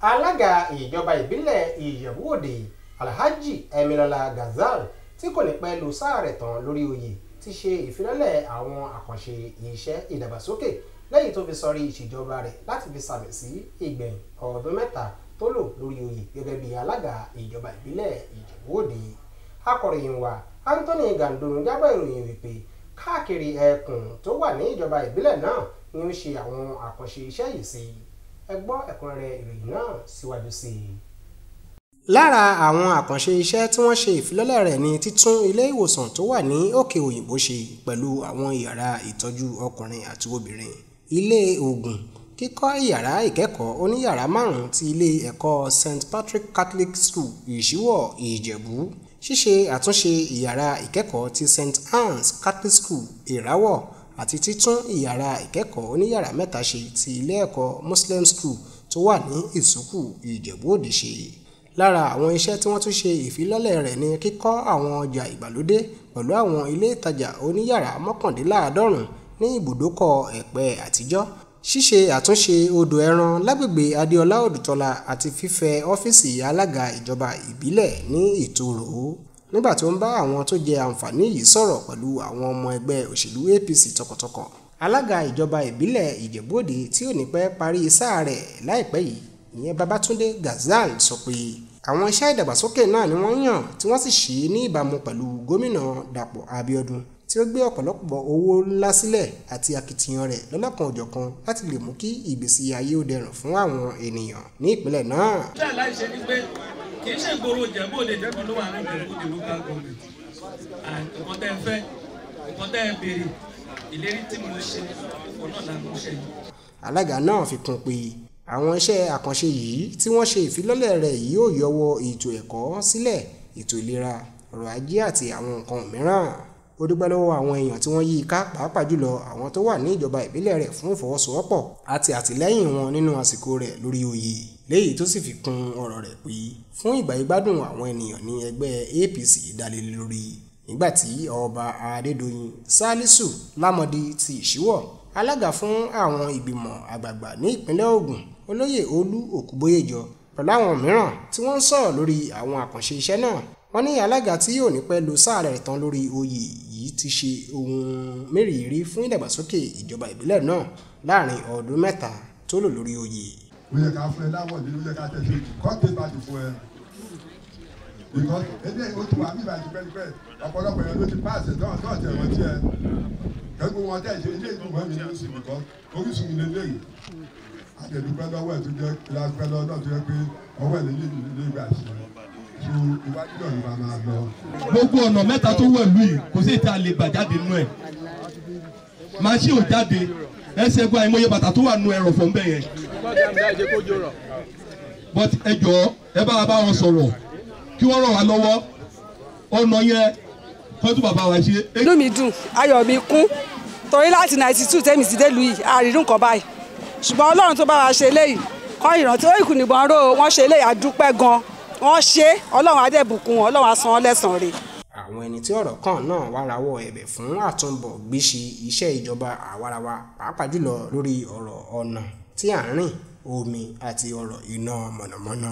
alága ìjọba ìbílẹ̀ ìjẹ̀bú-òde alhaji emilola gazal tí kò ní pẹ́ lu sáà rẹ̀ tán lórí oyè ti ṣe ìfilọ́lẹ̀ àwọn àkànṣe iṣẹ́ ìdàgbàsókè lẹ́yìn tó fi sọrí ìṣèjọba rẹ̀ láti fi sàmì sí ìgbẹ̀yìn ọdún mẹ́ta tó lò lórí oyè gẹ́gẹ́ bí alága ìjọba ìbílẹ̀ ìjẹ̀bú-òde akọ̀ròyìn wa anthony gandoro jábọ̀ ìròyìn wípé káàkiri ẹkùn tó wà ní ìjọba ìbílẹ̀ náà ni ó ṣe àwọn àkànṣe iṣẹ́ yìí sí i ẹ gbọ́ ẹ̀kúnrẹ́rẹ́ ìròyìn náà síwájú sí i. lára àwọn àkànṣe iṣẹ́ tí wọ́n ṣe ìfilọ́lẹ̀ rẹ̀ ni títún ilé ìwòsàn tó wà ní òkè òyìnbó ṣe pẹ̀lú àwọn ìyàrá ìtọ́jú ọkùnrin àti obìnrin ilé oògùn kíkọ́ ìyàrá ìkẹ́kọ̀ọ́ oníyàrá márùn-ún ti ilé ẹ̀kọ́ St Patrick Catholic School ìṣíwọ̀ ìjẹ̀bú ṣíṣe àtúnṣe ìyàrá ìkẹ́kọ̀ọ́ ti St Anne's Catholic School ìràwọ̀ àti títún ìyàrá ìkẹ́kọ̀ọ́ oníyàrá mẹ́ta ṣe ti ilé ẹ̀kọ́ Muslim School tó wà ní Ìsúkù Ìjẹ̀bú-Òde ṣe lára àwọn iṣẹ́ tí wọ́n tún ṣe ìfilọ́lẹ̀ rẹ̀ ni kíkọ́ àwọn ọjà ìgbàlódé pẹ̀lú àwọn ilé ìtajà oníyàrá mọ́kàndínláàádọ́rùn ní ibùdókọ̀ ẹ̀pẹ́ àtijọ́ ṣíṣe àtúnṣe odò ẹran lágbègbè adéọlá òdùtọ́lá àti fífẹ̀ ọ́fíìsì alága ìjọba ìbílẹ̀ ní ìtòrò nígbà tó ń bá àwọn tó jẹ àǹfààní yìí sọ̀rọ̀ pẹ̀lú àwọn ọmọ ẹgbẹ́ òṣèlú APC tọkàntọkàn alága ìjọba ìbílẹ̀ ìjẹ̀bú-òde tí ò ní pẹ́ parí sáà rẹ̀ láìpẹ́ yìí ìyẹn babatunde gazal sọ pé àwọn iṣẹ́ ìdàgbàsókè náà ni wọ́n yàn tí wọ́n sì ṣe é ní ìbámu pẹ̀lú gómìnà dàpọ̀ abiodun tí ó gbé ọ̀pọ̀lọpọ̀ owó ńlá sílẹ̀ àti akitiyan rẹ̀ lọ́lọ́kan òjọ̀kan láti lè mú kí ìgbésí ayé ó dẹrùn fún àwọn ènìyàn ní ìpínlẹ̀ náà. ṣé àlàyé ni pé kì í ṣe ìgboro Ìjẹ̀bú-Òde Ìjẹ̀bú ló wà ní Ìjẹ̀bú-Òde local government nǹkan tẹ́ ẹ fẹ́ nǹkan tẹ́ ẹ béèrè ìlérí tí mo ṣe ọ̀pọ̀ náà la ṣe. alága náà fi kún pé àwọn iṣẹ́ àkànṣe yìí tí wọ́n ṣe ìfilọ́lẹ̀ rẹ̀ yìí ò yọwọ́ ètò ẹ̀kọ́ sílẹ̀ ètò ìlera ọ̀rọ̀ ajé àti àwọn nǹkan mìíràn ó dúpẹ́ lọ́wọ́ àwọn èèyàn tí wọ́n yí i ká pàápàá jùlọ àwọn tó wà ní ìjọba ìbílẹ̀ rẹ̀ fún ìfọwọ́sowọ́pọ̀ àti àtìlẹ́yìn wọn nínú àsìkò rẹ̀ lórí oyè léyìí tó sì fi kún ọ̀rọ̀ rẹ̀ pé fún ìgbà ìgbádùn àwọn ènìyàn ní ẹgbẹ́ APC dálé lórí nígbàtí ọba Adédoyin Salisu Lámọdí ti Ìṣíwọ̀ alága fún àwọn ìgbìmọ̀ àgbààgbà ní ìpínlẹ̀ Ògùn olóyè Olú Òkúbóyèjọ pẹ̀lú àwọn mìíràn tí wọ́n ń sọ̀rọ̀ lórí àwọn àkànṣe iṣẹ́ náà wọ́n ní alága tí yóò ní pẹ́ lo sáà rẹ̀ tán lórí oyè yìí yìí ti ṣe ohun mérìírí fún ìdàgbàsókè ìjọba ìbílẹ̀ náà láàrin ọdún mẹ́ta tó lò lórí oyè. ó yẹ ká fún ẹ láwọ̀ nínú yẹ ká tẹ̀sí kọ́ tẹ́ bá ti fún ẹ because ebi o ti wà nígbà tí pẹ́ẹ́pẹ́ ọ̀pọ̀lọpọ̀ yẹn ló ti páàsì náà náà tẹ̀ wọ́n tiẹ̀ kẹ́gbọ́n wọn tẹ̀ ṣe ilé ìgbìmọ̀ mi ló sì nìkan orísun ilé lẹ́yìn àtẹ̀dúpẹ́ lọ́wọ́ ẹ̀ tó jẹ́ kíláàsì pẹ́ lọ́wọ́ náà tó jẹ́ pé ọwọ́ ẹ̀ lè yé ìlú ilé ìgbà sí iwájú náà ni wàá máa lọ. gbogbo ọ̀nà mẹ́ta tó wọ̀ lù yìí kò sí ìta lè gbà jáde nú ẹ̀ màṣí ò jáde ẹsẹ̀ gba ìmọ̀ye bàtà tó wà nú ẹ̀rọ̀ fún bẹ́ẹ̀ yẹn. but ẹ jọ̀ọ́ ẹ bá wa bá wọn sọ̀rọ̀ kí wọ́n ràn wá lọ́wọ́ ọ̀nà yẹn kọ́ tún bàbá wa ṣe. inú mi dùn ayọ̀ mi kún torí láti ninety two tẹ́mi sí délùú yìí àrírùn kan báyìí ṣùgbọ́n ọlọ́run tó bá wa ṣe eléyìí kọ́ ìrántí ó ìkùnìbọn ró wọn ṣe eléyìí àdúpẹ́ gan-an wọ́n ṣe ọlọ́run adẹ́bùkún wọn ọlọ́run á san wọn lẹ́san rẹ̀. àwọn ẹni tí ọ̀rọ̀ kàn náà wá rawọ́ ẹ̀bẹ̀ fún àtúnbọ̀ gbéṣe iṣẹ́ ìjọba àwarawa pàápàá jùlọ lórí ọ̀rọ̀ ọ̀nà tí à ń rìn omi àti ọ̀rọ̀ iná mọ̀nàmọ́ná.